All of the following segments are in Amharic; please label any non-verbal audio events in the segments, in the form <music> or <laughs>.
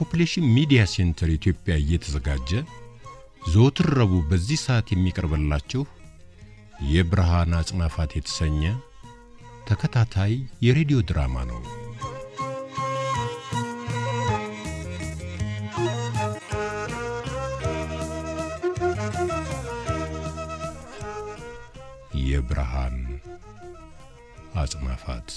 በፖፑሌሽን ሚዲያ ሴንተር ኢትዮጵያ እየተዘጋጀ ዘወትር ረቡዕ በዚህ ሰዓት የሚቀርብላችሁ የብርሃን አጽናፋት የተሰኘ ተከታታይ የሬዲዮ ድራማ ነው። የብርሃን አጽናፋት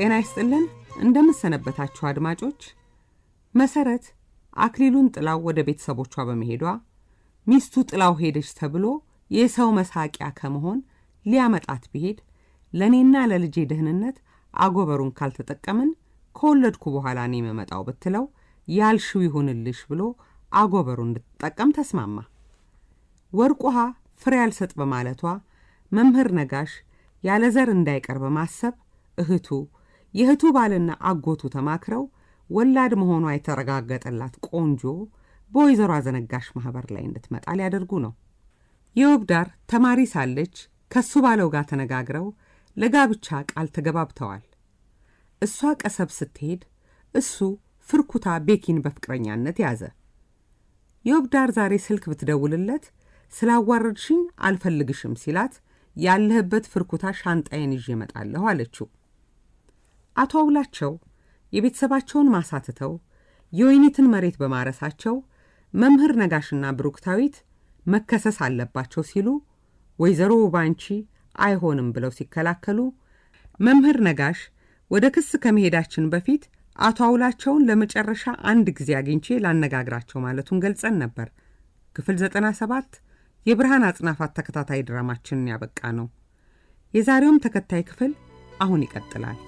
ጤና ይስጥልን እንደምሰነበታችሁ አድማጮች። መሰረት አክሊሉን ጥላው ወደ ቤተሰቦቿ በመሄዷ ሚስቱ ጥላው ሄደች ተብሎ የሰው መሳቂያ ከመሆን ሊያመጣት ቢሄድ ለእኔና ለልጄ ደህንነት አጎበሩን ካልተጠቀምን ከወለድኩ በኋላ እኔ የምመጣው ብትለው ያልሽው ይሁንልሽ ብሎ አጎበሩ እንድትጠቀም ተስማማ። ወርቁሃ ፍሬ ያልሰጥ በማለቷ መምህር ነጋሽ ያለ ዘር እንዳይቀር በማሰብ እህቱ የእህቱ ባልና አጎቱ ተማክረው ወላድ መሆኗ የተረጋገጠላት ቆንጆ በወይዘሮ አዘነጋሽ ማኅበር ላይ እንድትመጣ ሊያደርጉ ነው። ዳር ተማሪ ሳለች ከሱ ባለው ጋር ተነጋግረው ለጋብቻ ቃል ተገባብተዋል። እሷ ቀሰብ ስትሄድ እሱ ፍርኩታ ቤኪን በፍቅረኛነት ያዘ። ዳር ዛሬ ስልክ ብትደውልለት ስላዋረድሽኝ አልፈልግሽም ሲላት ያለህበት ፍርኩታ ሻንጣዬን ይዤ እመጣለሁ አለችው። አቶ አውላቸው የቤተሰባቸውን ማሳትተው የወይኒትን መሬት በማረሳቸው መምህር ነጋሽና ብሩክታዊት መከሰስ አለባቸው ሲሉ ወይዘሮ ባንቺ አይሆንም ብለው ሲከላከሉ መምህር ነጋሽ ወደ ክስ ከመሄዳችን በፊት አቶ አውላቸውን ለመጨረሻ አንድ ጊዜ አግኝቼ ላነጋግራቸው ማለቱን ገልጸን ነበር። ክፍል 97 የብርሃን አጽናፋት ተከታታይ ድራማችንን ያበቃ ነው። የዛሬውም ተከታይ ክፍል አሁን ይቀጥላል።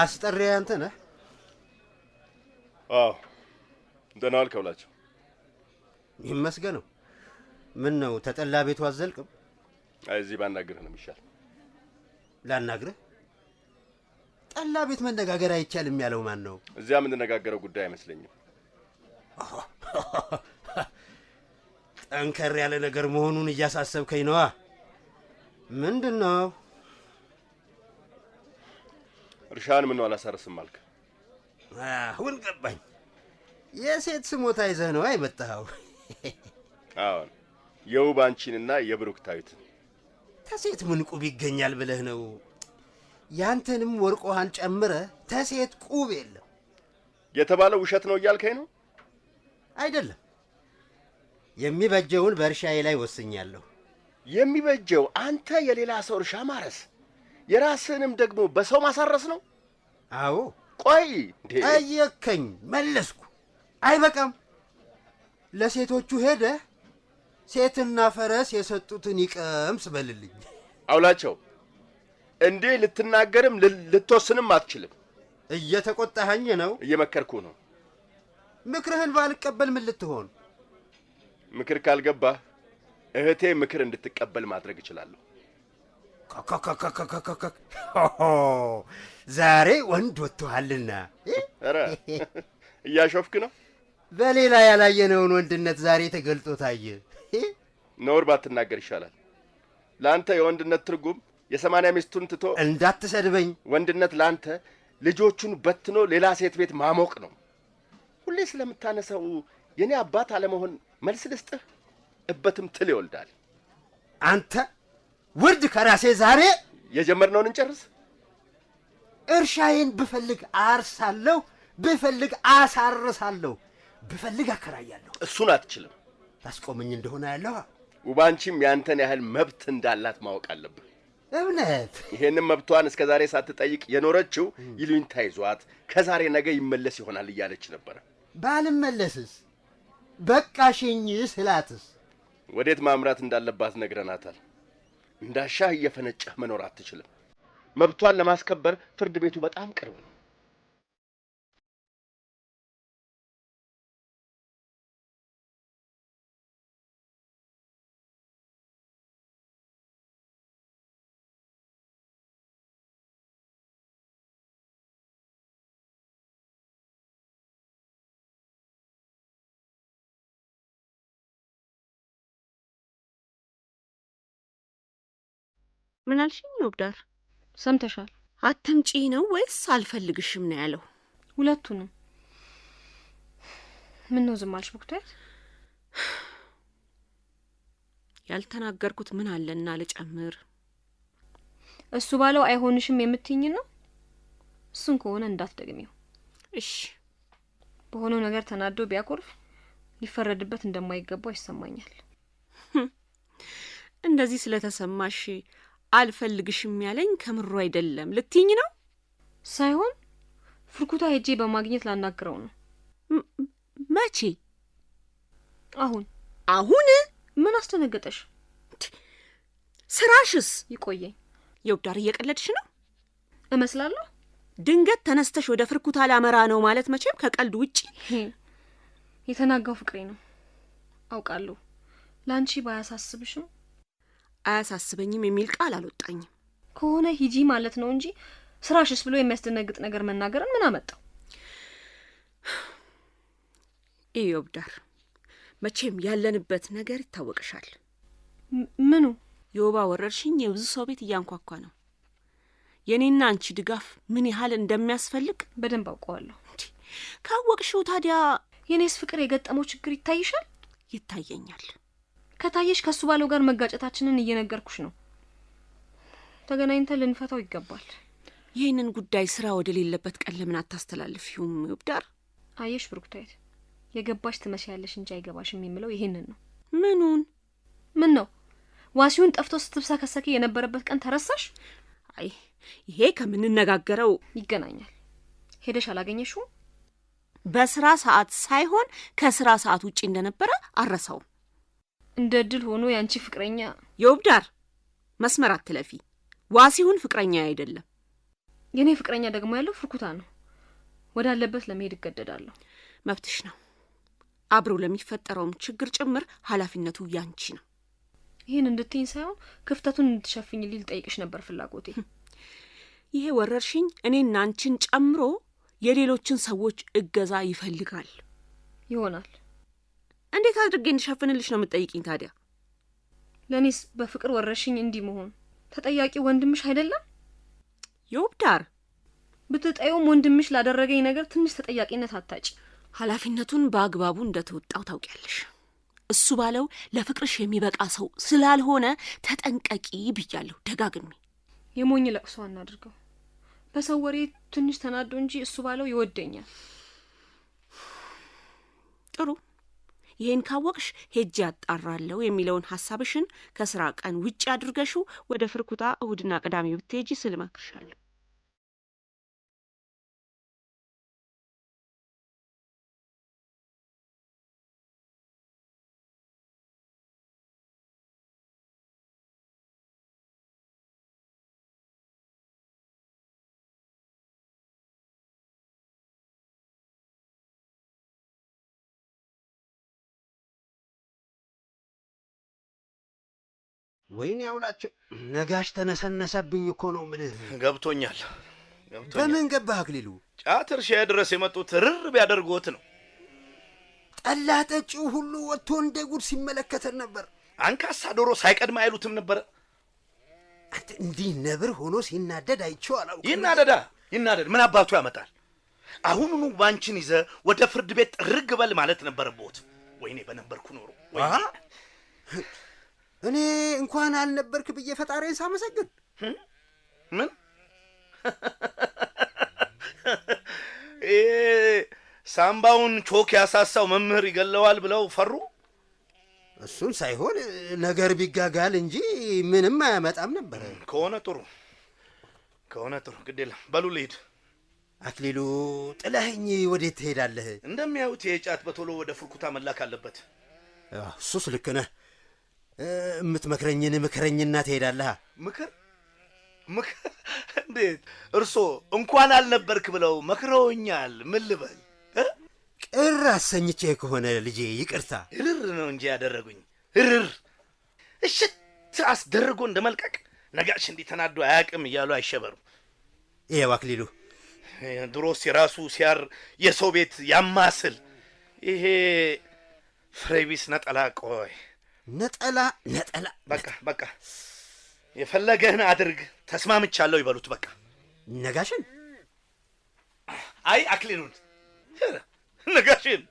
አስጠሪ አንተ ነህ? አዎ ደህና ዋልክ ብላቸው። ይመስገነው። ምን ነው ተጠላ ቤቱ አዘልቅም? እዚህ ባናግርህ ነው የሚሻል። ላናግርህ? ጠላ ቤት መነጋገር አይቻልም ያለው ማን ነው? እዚያ የምንነጋገረው ጉዳይ አይመስለኝም። ጠንከር ያለ ነገር መሆኑን እያሳሰብከኝ ነዋ። ምንድን ነው? እርሻን ምነው አላሳርስም አልክ? አሁን ገባኝ። የሴት ስሞታ ይዘህ ነው አይመጣኸው? <laughs> አዎን፣ የውብ አንቺንና የብሩክታዊትን ተሴት ምን ቁብ ይገኛል ብለህ ነው? ያንተንም ወርቆሃን ጨምረ ተሴት ቁብ የለም የተባለው ውሸት ነው እያልከኝ ነው? አይደለም፣ የሚበጀውን በእርሻዬ ላይ ወስኛለሁ። የሚበጀው አንተ የሌላ ሰው እርሻ ማረስ የራስህንም ደግሞ በሰው ማሳረስ ነው። አዎ ቆይ ጠየከኝ፣ መለስኩ። አይበቃም? ለሴቶቹ ሄደህ ሴትና ፈረስ የሰጡትን ይቀምስ በልልኝ አውላቸው። እንዲህ ልትናገርም ልትወስንም አትችልም። እየተቆጣኸኝ ነው? እየመከርኩ ነው። ምክርህን ባልቀበል ምን ልትሆን? ምክር ካልገባህ እህቴ ምክር እንድትቀበል ማድረግ እችላለሁ። ዛሬ ወንድ ወጥቶሃልና እያሾፍክ ነው። በሌላ ያላየነውን ወንድነት ዛሬ ተገልጦ ታየ። ነውር ባትናገር ይሻላል። ለአንተ የወንድነት ትርጉም የሰማንያ ሚስቱን ትቶ እንዳትሰድበኝ። ወንድነት ለአንተ ልጆቹን በትኖ ሌላ ሴት ቤት ማሞቅ ነው። ሁሌ ስለምታነሳው የእኔ አባት አለመሆን መልስ ልስጥህ። እበትም ትል ይወልዳል አንተ ውርድ ከራሴ ዛሬ የጀመርነውን እንጨርስ። እርሻዬን ብፈልግ አርሳለሁ፣ ብፈልግ አሳርሳለሁ፣ ብፈልግ አከራያለሁ። እሱን አትችልም። ታስቆምኝ እንደሆነ ያለው ውባንቺም ያንተን ያህል መብት እንዳላት ማወቅ አለብህ። እምነት ይሄንም መብቷን እስከ ዛሬ ሳትጠይቅ የኖረችው ይሉኝታ ይዟት ከዛሬ ነገ ይመለስ ይሆናል እያለች ነበረ። ባልመለስስ በቃሽኝ ስላትስ ወዴት ማምራት እንዳለባት ነግረናታል። እንዳሻህ እየፈነጨህ መኖር አትችልም። መብቷን ለማስከበር ፍርድ ቤቱ በጣም ቅርብ ነው። ምን አልሽኝ? ይወብዳር ሰምተሻል? አትምጪ ነው ወይስ አልፈልግሽም ነው ያለው? ሁለቱንም። ምን ነው ዝም አልሽ ያልተናገርኩት ምን አለና ልጨምር? እሱ ባለው አይሆንሽም የምትይኝ ነው? እሱን ከሆነ እንዳትደግሚው እሺ። በሆነው ነገር ተናዶ ቢያኮርፍ ሊፈረድበት እንደማይገባው ይሰማኛል። እንደዚህ ስለተሰማሽ አልፈልግሽም ያለኝ ከምሮ አይደለም ልትኝ ነው? ሳይሆን ፍርኩታ ሄጄ በማግኘት ላናግረው ነው። መቼ? አሁን። አሁን ምን አስደነገጠሽ? ስራሽስ? ይቆየኝ። የውዳር እየቀለድሽ ነው እመስላለሁ። ድንገት ተነስተሽ ወደ ፍርኩታ ላመራ ነው ማለት መቼም ከቀልድ ውጪ የተናጋው ፍቅሬ ነው አውቃለሁ። ለአንቺ ባያሳስብሽም አያሳስበኝም የሚል ቃል አልወጣኝም። ከሆነ ሂጂ ማለት ነው እንጂ ስራሽስ ብሎ የሚያስደነግጥ ነገር መናገርን ምን አመጣው? ኢዮብ ዳር መቼም ያለንበት ነገር ይታወቅሻል። ምኑ የወባ ወረርሽኝ የብዙ ሰው ቤት እያንኳኳ ነው። የእኔና አንቺ ድጋፍ ምን ያህል እንደሚያስፈልግ በደንብ አውቀዋለሁ። ካወቅሽው ታዲያ የእኔስ ፍቅር የገጠመው ችግር ይታይሻል? ይታየኛል። ከታየሽ ከሱ ባለው ጋር መጋጨታችንን እየነገርኩሽ ነው። ተገናኝተን ልንፈታው ይገባል። ይህንን ጉዳይ ስራ ወደ ሌለበት ቀን ለምን አታስተላልፊውም? ይብዳር አየሽ፣ ብሩክታይት የገባሽ ትመስያለሽ እንጂ አይገባሽም የሚለው ይህንን ነው። ምኑን? ምን ነው ዋሲውን ጠፍቶ ከሰከ የነበረበት ቀን ተረሳሽ? አይ ይሄ ከምንነጋገረው ይገናኛል። ሄደሽ አላገኘሽውም? በስራ ሰዓት ሳይሆን ከስራ ሰዓት ውጪ እንደነበረ አረሳውም። እንደ እድል ሆኖ ያንቺ ፍቅረኛ የውብዳር መስመር አትለፊ። ዋሲሁን ፍቅረኛ አይደለም። የእኔ ፍቅረኛ ደግሞ ያለው ፍርኩታ ነው። ወዳለበት ለመሄድ እገደዳለሁ። መብትሽ ነው። አብሮ ለሚፈጠረውም ችግር ጭምር ኃላፊነቱ ያንቺ ነው። ይህን እንድትኝ ሳይሆን ክፍተቱን እንድትሸፍኝልኝ ጠይቅሽ ነበር ፍላጎቴ። ይሄ ወረርሽኝ እኔና አንቺን ጨምሮ የሌሎችን ሰዎች እገዛ ይፈልጋል ይሆናል እንዴት አድርጌ እንድሸፍንልሽ ነው የምትጠይቅኝ? ታዲያ ለእኔስ በፍቅር ወረሽኝ እንዲህ መሆን ተጠያቂ ወንድምሽ አይደለም? የውብዳር ብትጠየውም ወንድምሽ ላደረገኝ ነገር ትንሽ ተጠያቂነት አታጭ። ኃላፊነቱን በአግባቡ እንደተወጣው ታውቂያለሽ። እሱ ባለው ለፍቅርሽ የሚበቃ ሰው ስላልሆነ ተጠንቀቂ ብያለሁ ደጋግሜ። የሞኝ ለቅሶ አናድርገው። በሰው ወሬ ትንሽ ተናዶ እንጂ እሱ ባለው ይወደኛል። ጥሩ ይህን ካወቅሽ ሄጅ ያጣራለሁ የሚለውን ሀሳብሽን ከስራ ቀን ውጭ አድርገሹ ወደ ፍርኩታ እሁድና ቅዳሜ ብትሄጂ ስል ወይኔ አውላቸው ነጋሽ ተነሰነሰብኝ እኮ ነው ምን ገብቶኛል። በምን ገባህ አክሊሉ? ጫት እርሻዬ ድረስ የመጡት ርር ቢያደርጎት ነው። ጠላ ጠጪው ሁሉ ወጥቶ እንደ ጉድ ሲመለከተን ነበር። አንካሳ ዶሮ ሳይቀድም አይሉትም ነበረ። እንዲህ ነብር ሆኖ ሲናደድ አይቼው አላውቅም። ይናደዳ ይናደድ፣ ምን አባቱ ያመጣል? አሁኑኑ ባንቺን ይዘ ወደ ፍርድ ቤት ጥርግ በል ማለት ነበረብዎት። ወይኔ በነበርኩ ኖሮ እኔ እንኳን አልነበርክ ብዬ ፈጣሪን ሳመሰግን ምን ሳምባውን ቾክ ያሳሳው መምህር ይገለዋል ብለው ፈሩ። እሱን ሳይሆን ነገር ቢጋጋል እንጂ ምንም አያመጣም ነበር። ከሆነ ጥሩ ከሆነ ጥሩ፣ ግድ የለም በሉ ልሂድ። አክሊሉ ጥለኸኝ ወዴት ትሄዳለህ? እንደሚያዩት የጫት በቶሎ ወደ ፍርኩታ መላክ አለበት። እሱስ ልክ ነህ። የምትመክረኝን ምክረኝና ትሄዳለህ። ምክር ምክር? እንዴት እርሶ እንኳን አልነበርክ ብለው መክረውኛል። ምን ልበል? ቅር አሰኝቼ ከሆነ ልጄ ይቅርታ። እርር ነው እንጂ ያደረጉኝ እርር እሽት አስደርጎ እንደ መልቀቅ ነጋሽ እንዲህ ተናዶ አያውቅም እያሉ አይሸበሩ። ይሄ ዋክሊሉ ድሮስ የራሱ ሲያር የሰው ቤት ያማስል ይሄ ፍሬቢስ ነጠላ ቆይ ነጠላ ነጠላ በቃ በቃ የፈለገህን አድርግ፣ ተስማምቻለሁ ይበሉት። በቃ ነጋሽን አይ አክሊኑን ነጋሽን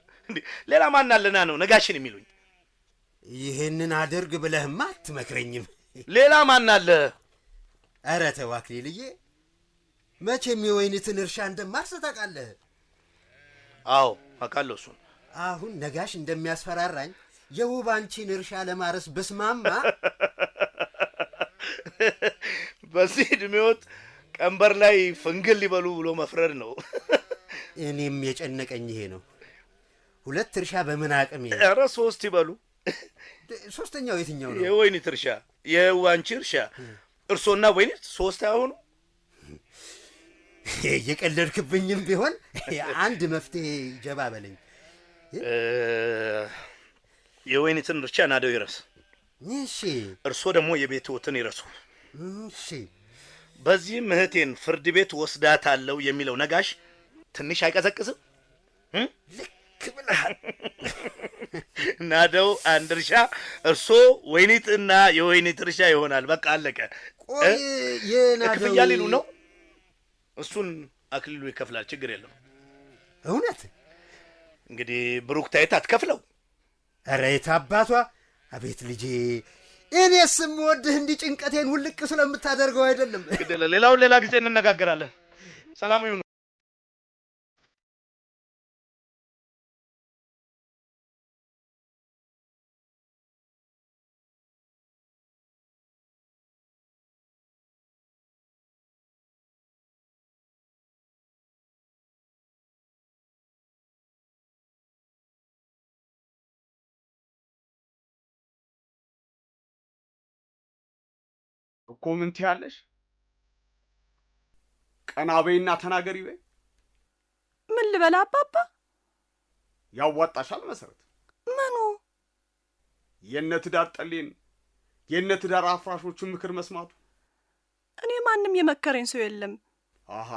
ሌላ ማን አለና ነው ነጋሽን የሚሉኝ? ይህንን አድርግ ብለህማ አትመክረኝም። ሌላ ማን አለ? ኧረ ተው አክሊልዬ፣ መቼም የወይንትን እርሻ እንደማርስ ታውቃለህ። አዎ አውቃለሁ እሱን። አሁን ነጋሽ እንደሚያስፈራራኝ የውባንቺን እርሻ ለማረስ ብስማማ <laughs> በዚህ ዕድሜዎት ቀንበር ላይ ፍንግል ሊበሉ ብሎ መፍረድ ነው። <laughs> እኔም የጨነቀኝ ይሄ ነው። ሁለት እርሻ በምን አቅም? ኧረ ሶስት ይበሉ። <laughs> ሶስተኛው የትኛው ነው? የወይኒት እርሻ፣ የውባንቺ እርሻ። እርሶና ወይኒት ሶስት አይሆኑ። የቀለድክብኝም ቢሆን አንድ መፍትሄ ጀባ በለኝ። የወይኒትን እርሻ ናደው ይረስ፣ እሺ እርሶ ደግሞ የቤትዎትን ይረሱ። እሺ በዚህም እህቴን ፍርድ ቤት ወስዳታለሁ የሚለው ነጋሽ ትንሽ አይቀዘቅዝም? ልክ ብለሃል። <laughs> ናደው አንድ እርሻ፣ እርሶ ወይኒት እና የወይኒት እርሻ ይሆናል። በቃ አለቀ። ክፍያ ሊሉ ነው። እሱን አክሊሉ ይከፍላል። ችግር የለም። እውነት እንግዲህ ብሩክታየት አትከፍለው ኧረ የት አባቷ! አቤት ልጄ፣ እኔ ስምወድህ እንዲህ ጭንቀቴን ውልቅ ስለምታደርገው አይደለም። ሌላውን ሌላ ጊዜ እንነጋገራለን። ሰላም ይሁኑ። ኮመንት ያለሽ ቀና በይና ተናገሪ በይ። ምን ልበላ አባባ? ያዋጣሻል መሰረት ምኑ የእነ ትዳር ጠሌን የእነ ትዳር አፍራሾቹን ምክር መስማቱ። እኔ ማንም የመከረኝ ሰው የለም። አሀ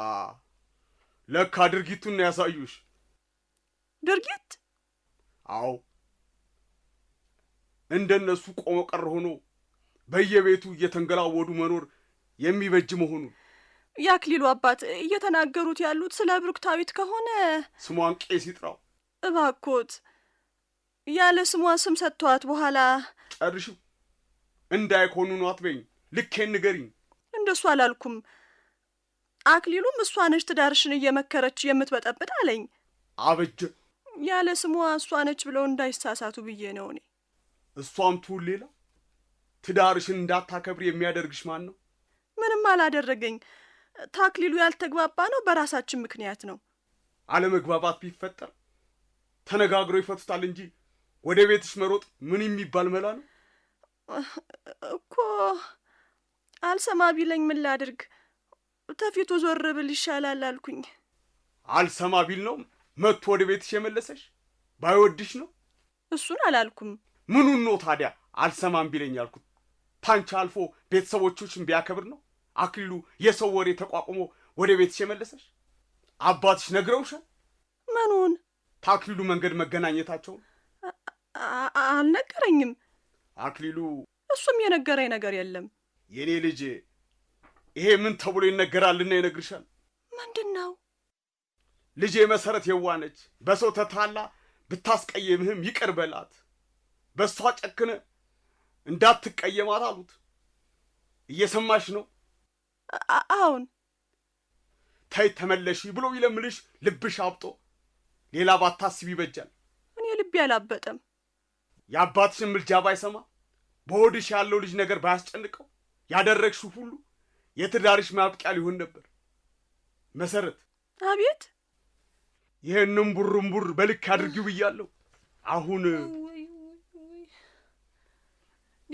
ለካ ድርጊቱን ያሳዩሽ። ድርጊት? አዎ እንደነሱ ቆሞ ቀር ሆኖ በየቤቱ እየተንገላወዱ መኖር የሚበጅ መሆኑን ያክሊሉ አባት እየተናገሩት ያሉት ስለ ብሩክታዊት ከሆነ ስሟን ቄስ ይጥራው እባኮት። ያለ ስሟ ስም ሰጥቷት በኋላ እንዳይኮኑ እንዳይኮንኑ አትበይኝ፣ ልኬን ንገሪኝ። እንደሱ አላልኩም። አክሊሉም እሷ ነች ትዳርሽን እየመከረች የምትበጠብጥ አለኝ። አበጀ። ያለ ስሟ እሷ ነች ብለው እንዳይሳሳቱ ብዬ ነው እኔ። እሷም ትሁን ሌላ ትዳርሽን እንዳታከብር የሚያደርግሽ ማን ነው? ምንም አላደረገኝ። ታክሊሉ ያልተግባባ ነው በራሳችን ምክንያት ነው። አለመግባባት ቢፈጠር ተነጋግሮ ይፈቱታል እንጂ ወደ ቤትሽ መሮጥ ምን የሚባል መላ ነው እኮ። አልሰማ ቢለኝ ምን ላድርግ? ተፊቱ ዞር ብል ይሻላል አልኩኝ። አልሰማ ቢል ነው መጥቶ ወደ ቤትሽ የመለሰሽ? ባይወድሽ ነው? እሱን አላልኩም። ምኑን ነው ታዲያ አልሰማም ቢለኝ ያልኩት? ፓንች አልፎ ቤተሰቦቹን ቢያከብር ነው አክሊሉ የሰው ወሬ ተቋቁሞ ወደ ቤትሽ የመለሰሽ? አባትሽ ነግረውሻል? ምኑን? ታክሊሉ መንገድ መገናኘታቸውን አልነገረኝም። አክሊሉ እሱም የነገረኝ ነገር የለም። የእኔ ልጅ ይሄ ምን ተብሎ ይነገራልና ይነግርሻል። ምንድን ነው ልጄ? መሰረት የዋነች በሰው ተታላ ብታስቀየምህም ይቅር በላት። በእሷ ጨክነ እንዳትቀየማት አሉት። እየሰማሽ ነው? አሁን ተይ ተመለሺ ብሎ ይለምልሽ፣ ልብሽ አብጦ ሌላ ባታስብ ይበጃል። እኔ ልቤ አላበጠም። የአባትሽን ምልጃ ባይሰማ፣ በሆድሽ ያለው ልጅ ነገር ባያስጨንቀው፣ ያደረግሽው ሁሉ የትዳርሽ ማብቂያ ሊሆን ነበር። መሰረት። አቤት። ይህንም ቡርምቡር በልክ አድርጊው ብያለሁ። አሁን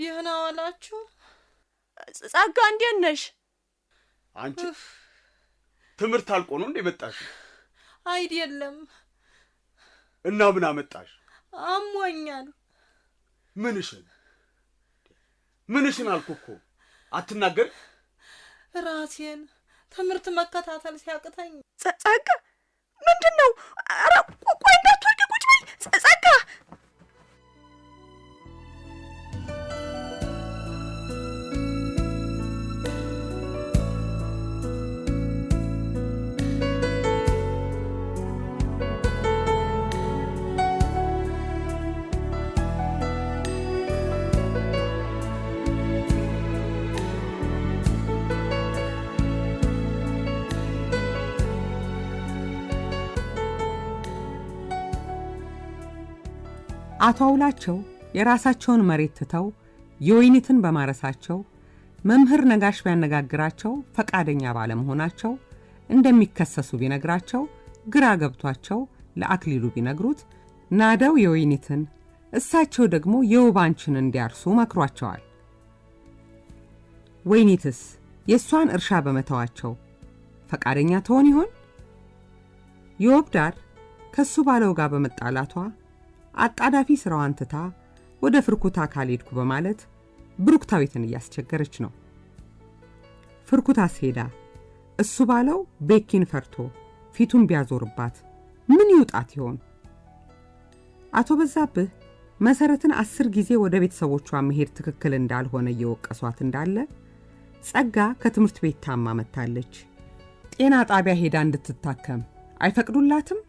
ደህና ዋላችሁ። ጸጋ እንዴት ነሽ? አንቺ ትምህርት አልቆ ነው እንዴ መጣሽ? አይደለም። እና ምን አመጣሽ? አሞኛል። ምንሽን ምንሽን? አልኩ እኮ አትናገር። ራሴን ትምህርት መከታተል ሲያቅተኝ። ጸጋ ምንድን ነው? ኧረ ቆይ እንዳትወጪ፣ ቁጭ በይ ጸጋ አቶ አውላቸው የራሳቸውን መሬት ትተው የወይኒትን በማረሳቸው መምህር ነጋሽ ቢያነጋግራቸው ፈቃደኛ ባለመሆናቸው እንደሚከሰሱ ቢነግራቸው ግራ ገብቷቸው ለአክሊሉ ቢነግሩት ናደው የወይኒትን እሳቸው ደግሞ የውባንችን እንዲያርሱ መክሯቸዋል። ወይኒትስ የእሷን እርሻ በመተዋቸው ፈቃደኛ ትሆን ይሆን? ዳር ከሱ ባለው ጋር በመጣላቷ አጣዳፊ ስራዋን ትታ ወደ ፍርኩታ ካልሄድኩ በማለት ብሩክታዊትን እያስቸገረች ነው። ፍርኩታ ሄዳ እሱ ባለው ቤኪን ፈርቶ ፊቱን ቢያዞርባት ምን ይውጣት ይሆን? አቶ በዛብህ መሰረትን አስር ጊዜ ወደ ቤተሰቦቿ መሄድ ትክክል እንዳልሆነ እየወቀሷት እንዳለ ጸጋ ከትምህርት ቤት ታማ መታለች ጤና ጣቢያ ሄዳ እንድትታከም አይፈቅዱላትም።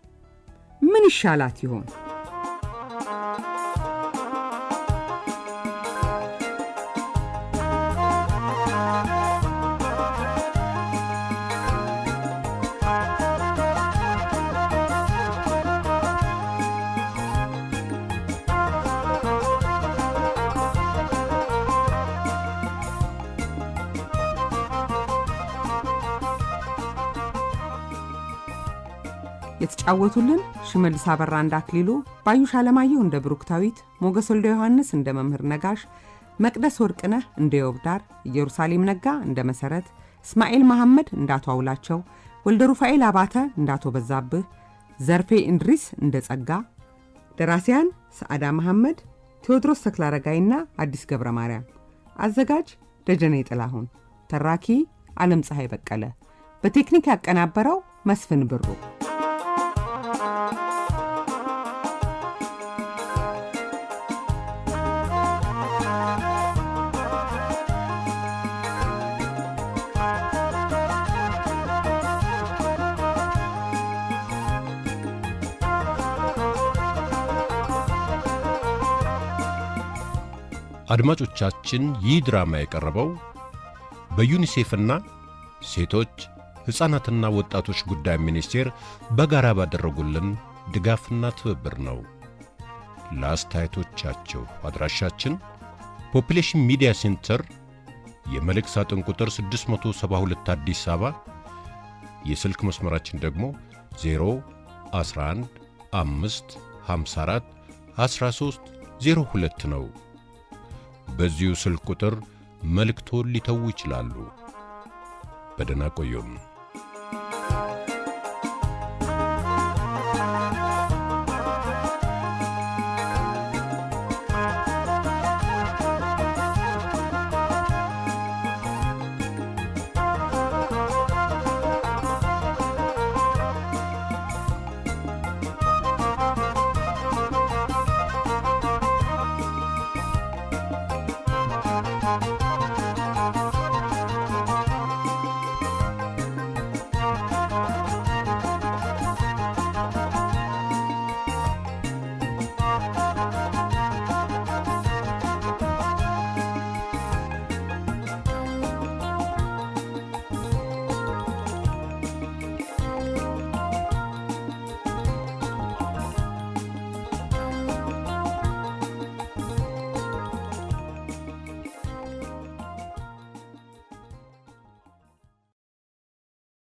ምን ይሻላት ይሆን? የተጫወቱልን ሽመልስ አበራ እንደ አክሊሉ፣ ባዩሽ አለማየሁ እንደ ብሩክታዊት፣ ሞገስ ወልደ ዮሐንስ እንደ መምህር ነጋሽ፣ መቅደስ ወርቅነህ እንደ ዮብዳር፣ ኢየሩሳሌም ነጋ እንደ መሠረት፣ እስማኤል መሐመድ እንደ አቶ አውላቸው፣ ወልደ ሩፋኤል አባተ እንደ አቶ በዛብህ፣ ዘርፌ እንድሪስ እንደ ጸጋ፣ ደራሲያን ሰዓዳ መሐመድ፣ ቴዎድሮስ ተክለአረጋይና አዲስ ገብረ ማርያም፣ አዘጋጅ ደጀኔ ጥላሁን፣ ተራኪ ዓለም ፀሐይ በቀለ፣ በቴክኒክ ያቀናበረው መስፍን ብሩ አድማጮቻችን ይህ ድራማ የቀረበው በዩኒሴፍና ሴቶች ሕፃናትና ወጣቶች ጉዳይ ሚኒስቴር በጋራ ባደረጉልን ድጋፍና ትብብር ነው። ለአስተያየቶቻቸው አድራሻችን ፖፕሌሽን ሚዲያ ሴንተር የመልእክት ሳጥን ቁጥር 672 አዲስ አበባ፣ የስልክ መስመራችን ደግሞ 11 554 13 02 ነው። በዚሁ ስልክ ቁጥር መልእክቶን ሊተዉ ይችላሉ። በደና ቆዩን።